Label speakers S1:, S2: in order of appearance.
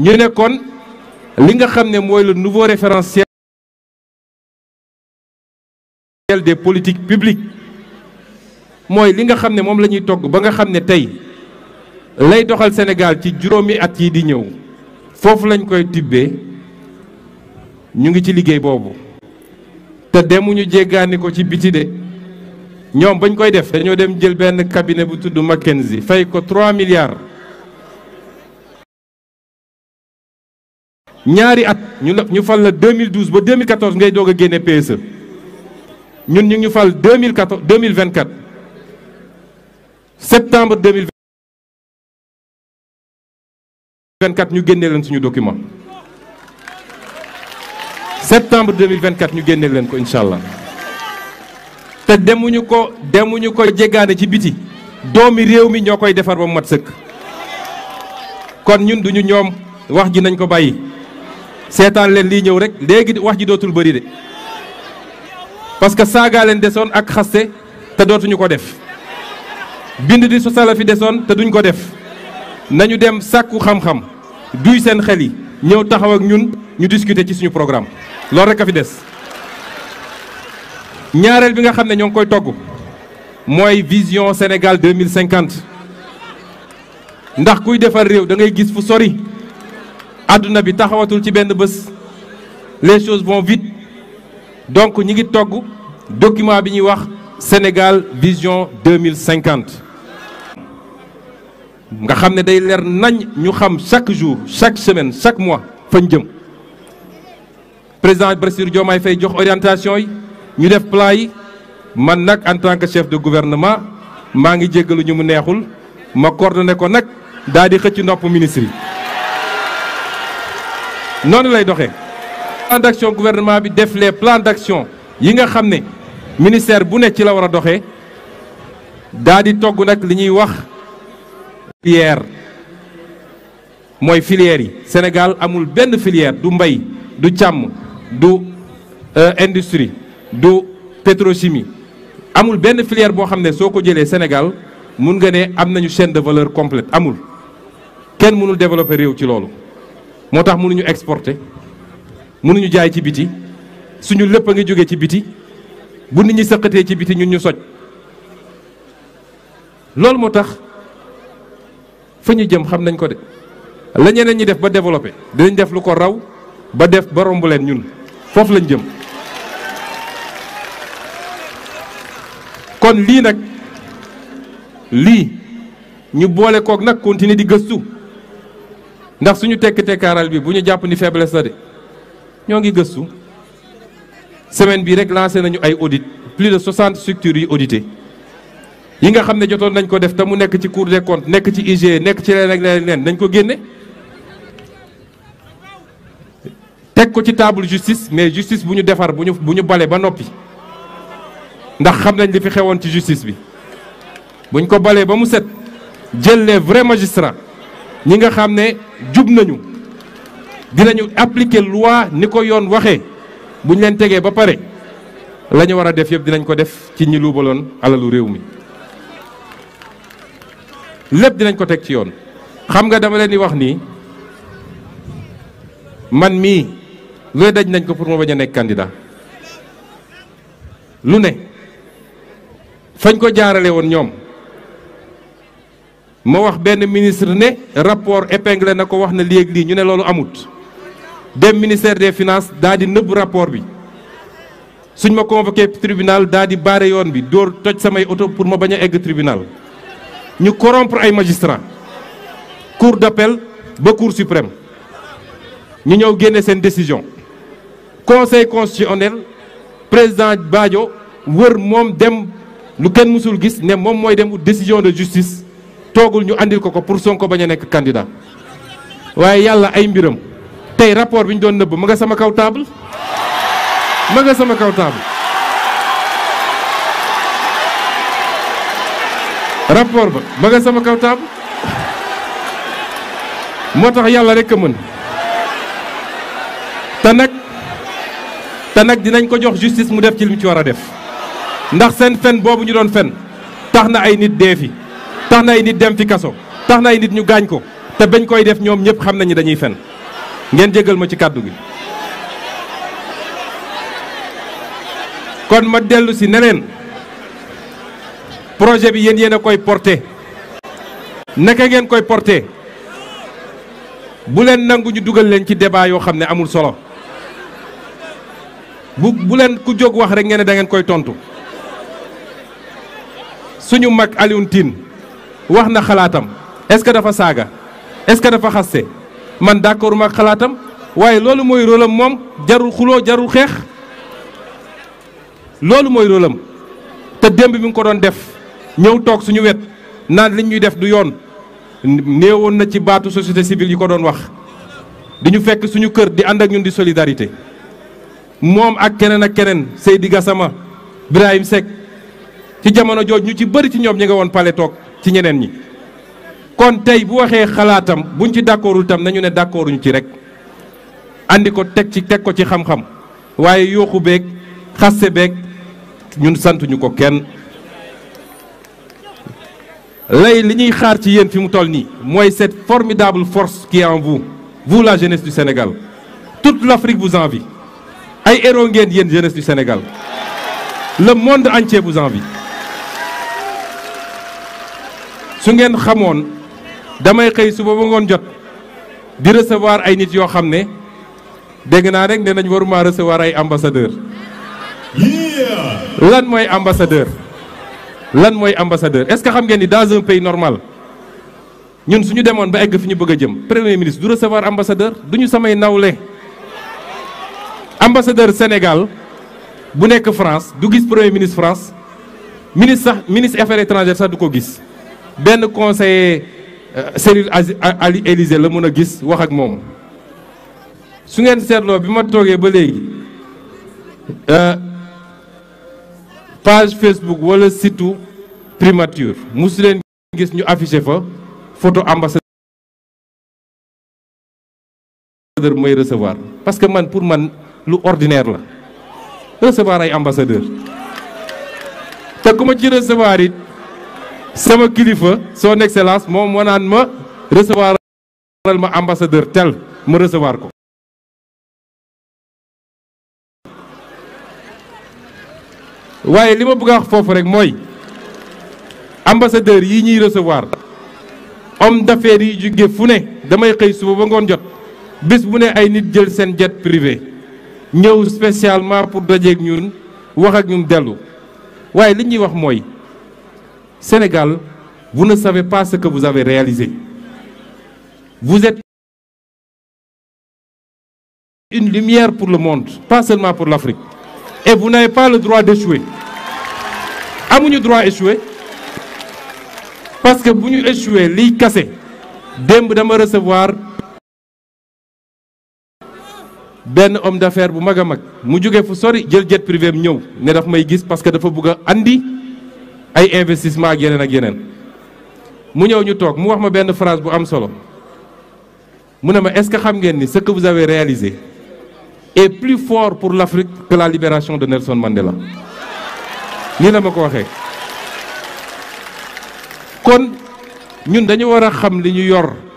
S1: ñu nekkoon li nga xam ne mooy le nouveau référentiel des politiques publiques mooy li nga xam ne moom lañuy togg ba nga xam ne tey lay doxal senegal ci juróomi at yi di ñëw foofu lañ koy tibbee ñu ngi ci liggéey boobu te demuñu jéggaani ko ci biti de ñoom bañ koy def dañoo dem jël benn cabinet bu tudd Mackenzie fay ko 3 milliards. ñaari at ñu la ñu fal la 2012 ba 2014 ngay doog génne PSE ñun ñu ñu fal 2014 2024 septembre 2024 ñu génne leen suñu document. septembre 2024 ñu génne leen ko incha allah te demuñu ko demuñu ko jéggaane ci biti doomi réew mi ñoo koy defar ba mu mat sëkk kon ñun duñu ñoom wax ji nañ ko bàyyi seetaan leen lii ñëw rek léegi wax ji dootul bëri de parce que saagaa leen desoon ak xaste te dootuñu ko def bind di su sala fi desoon te duñ ko def nañu dem sàkku xam-xam duy seen xel yi ñëw taxaw ak ñun ñu discuter ci suñu programme lool rek a fi des ñaareel bi nga xam ne ñoo ngi koy togg mooy vision Sénégal 2050 ndax kuy defar réew da ngay gis fu sori àdduna bi taxawatul ci benn bés les choses vont vite donc ñi ngi togg document bi ñuy wax Sénégal vision 2050 nga xam ne day leer nañ ñu xam chaque jour chaque semaine chaque mois fañ jëm président Bassirou Diomaye fay jox orientation yi ñu def plan yi man nag en tant que chef de gouvernement maa ngi jéggalu ñu mu neexul ma coordonné ko nag daal di xëcc nopp ministre yi noonu lay doxe plan d'action gouvernement bi def les plans d'action yi nga xam ne ministère bu ne ci la war a doxee daa di togg nag li ñuy wax filière mooy filière yi Sénégal amul benn filière du mbay du càmm du euh, industrie du pétrochimie amul benn filière boo xam ne soo ko jëlee Sénégal mun nga ne am nañu chaîne de valeur complète amul kenn mënul développer réew ci loolu moo tax mënuñu exporter mënuñu jaay ci biti suñu lépp a ngi jóge ci biti bu nit ñi sëqatee ci biti ñun ñu soj loolu moo tax fa ñu jëm xam nañ ko de la ñeneen ñi def ba développer dinañ def lu ko raw ba def ba romb leen ñun foofu lañ jëm kon lii nag lii ñu boole kook nag continuer di gëstu ndax suñu tekk-tekkaaral bi bu ñu jàpp ni faiblesse la de ñoo ngi gëstu semaine bii rek lancé nañu ay audit plus de 60 structures yi audité yi nga xam ne jotoon nañ ko def te mu nekk ci cour des comptes nekk ci IG e, nekk ci leneen ak leneen dañ ko génne teg ko ci table justice mais justice bu ñu defar bu ñu bu ñu bale ba noppi ndax xam nañ li fi xewoon ci justice bi buñ ko balee ba mu set jël les vrais magistrats ñi nga xam ne jub nañu dinañu appliquer loi ni ko yoon waxee buñ leen tegee ba pare la ñu war a def yëpp dinañ ko def ci ñi luubaloon alalu réew mi lépp dinañ ko teg ci yoon xam nga dama leen di wax nii man mii lu daj nañ ko pour ma bañ a nekk candidat lu ne fañ ko jaarale woon ñoom ma wax benn ministre ne rapport épinglé na ko wax na léegi lii ñu ne loolu amut dem ministère des finance daa di nëbb rapport bi suñ ma convoqué tribunal daa di baare yoon bi dóor toj samay oto pour ma bañ a egg tribunal ñu corrompre ay magistrats cour d'appel ba cour suprême ñu ñëw génne seen décision conseil constitutionnel président Badio wër moom dem lu kenn mësul gis ne moom mooy dem décision de justice toogul ñu andil ko ko pour ko bañ a nekk candidat waaye yàlla ay mbiram tey rapport bi ñu doon nëbb ma nga sama kaw table ma nga sama kaw table rapport ba ma nga sama kaw table moo tax yàlla rek a mën te nag dinañ ko jox justice mu def ci li mu ci war a def ndax seen fen boobu ñu doon fen tax na ay nit dee fi tax na ay nit dem fi kaso tax na ay nit ñu gaañ ko te bañ koy def ñoom ñëpp xam nañu dañuy fen ngeen jégal ma ci kàddu gi. kon ma dellu si neneen projet bi yéen yéen a koy porté naka ngeen koy porté bu leen nangu ñu dugal leen ci débat yoo xam ne amul solo. bu bu leen ku jóg wax rek ngeen ne dangeen koy tontu suñu mag Alioune Tine wax na xalaatam est-ce que dafa saaga est-ce que dafa xaste man d'accord mag xalaatam waaye loolu mooy rôle moom jarul xuloo jarul xeex loolu mooy rôle te démb bi nga ko doon def ñëw toog suñu wet naan li ñuy def du yoon néewoon na ci baatu société civile yi ko doon wax di ñu fekk suñu kër di ànd ak ñun di solidarité. moom ak keneen ak keneen Seydi Gassama Birahim Seck ci jamono jooj ñu ci bëri ci ñoom ñi nga woon pale toog ci ñeneen ñi kon tey bu waxee xalaatam buñ ci d'accordul tam nañu ne d'accorduñu ci rek andi ko teg ci teg ko ci xam-xam waaye yooxu beeg xaste beeg ñun santuñu ko kenn lay li ñuy xaar ci yéen fi mu toll nii mooy set formidable force qui est en vous vous la jeunesse du Sénégal toute l'Afrique vous envie ay héros ngeen yéen jeunesse du Sénégal le monde entier vous envie su ngeen xamoon damay xëy suba ba ngoon jot di recevoir ay nit yoo xam ne dégg naa rek ne nañ waruma recevoir ay ambassadeur lan mooy ambassadeur lan mooy ambassadeur est-ce que xam ngeen ni dans un pays normal ñun suñu demoon ba egg fi ñu bëgg a jëm premier ministre du recevoir ambassadeur duñu samay nawle ambassadeur Sénégal bu nekk France du gis premier ministre France ministre sax ministre affaires étrangères sax du ko gis benn conseiller euh, Cyril Ali Élysée la mën a gis wax ak moom su ngeen seetloo bi ma toogee ba léegi euh, page Facebook wala site primature mosu leen gis ñu affiché fa photo ambassadeur parce que man pour man lu ordinaire la recevoir ay ambassadeur te ci resevoir it sama kilifa soo excellence moom ma naan ma recevoir ma ambassadeur tel ma recevoir ko waaye li ma bëgg foofu rek mooy ambassadeur yi ñuy resevoir homme d'affaires yi jóge fu ne damay xëy suba ba ngoon jot bis bu ne ay nit jël seen jet privé ñëw spécialement pour dajeeg ñun wax ak ñun dellu waaye li ñuy wax mooy Sénégal vous ne savez pas ce que vous avez réalisé vous êtes une pour le monde pas pour l'Afrique et vous n'avez pas le droit d'échouer amuñu droit échouer parce que bu ñu échouer liy kase démb dama recevoir benn homme d'affaires bu mag a mag mu jóge fu sori jël jet privé am ñëw ne daf may gis parce que dafa bugga a andi ay investissement ak yeneen ak yeneen mu ñëw ñu toog mu wax ma benn frase bu am solo mu ne ma est-ce que xam ngeen ni ce que sawee avez et plus fort pour l'Afrique que la libération de Nelson Mandela nii la ma ko waxee kon ñun dañu war a xam li ñu yor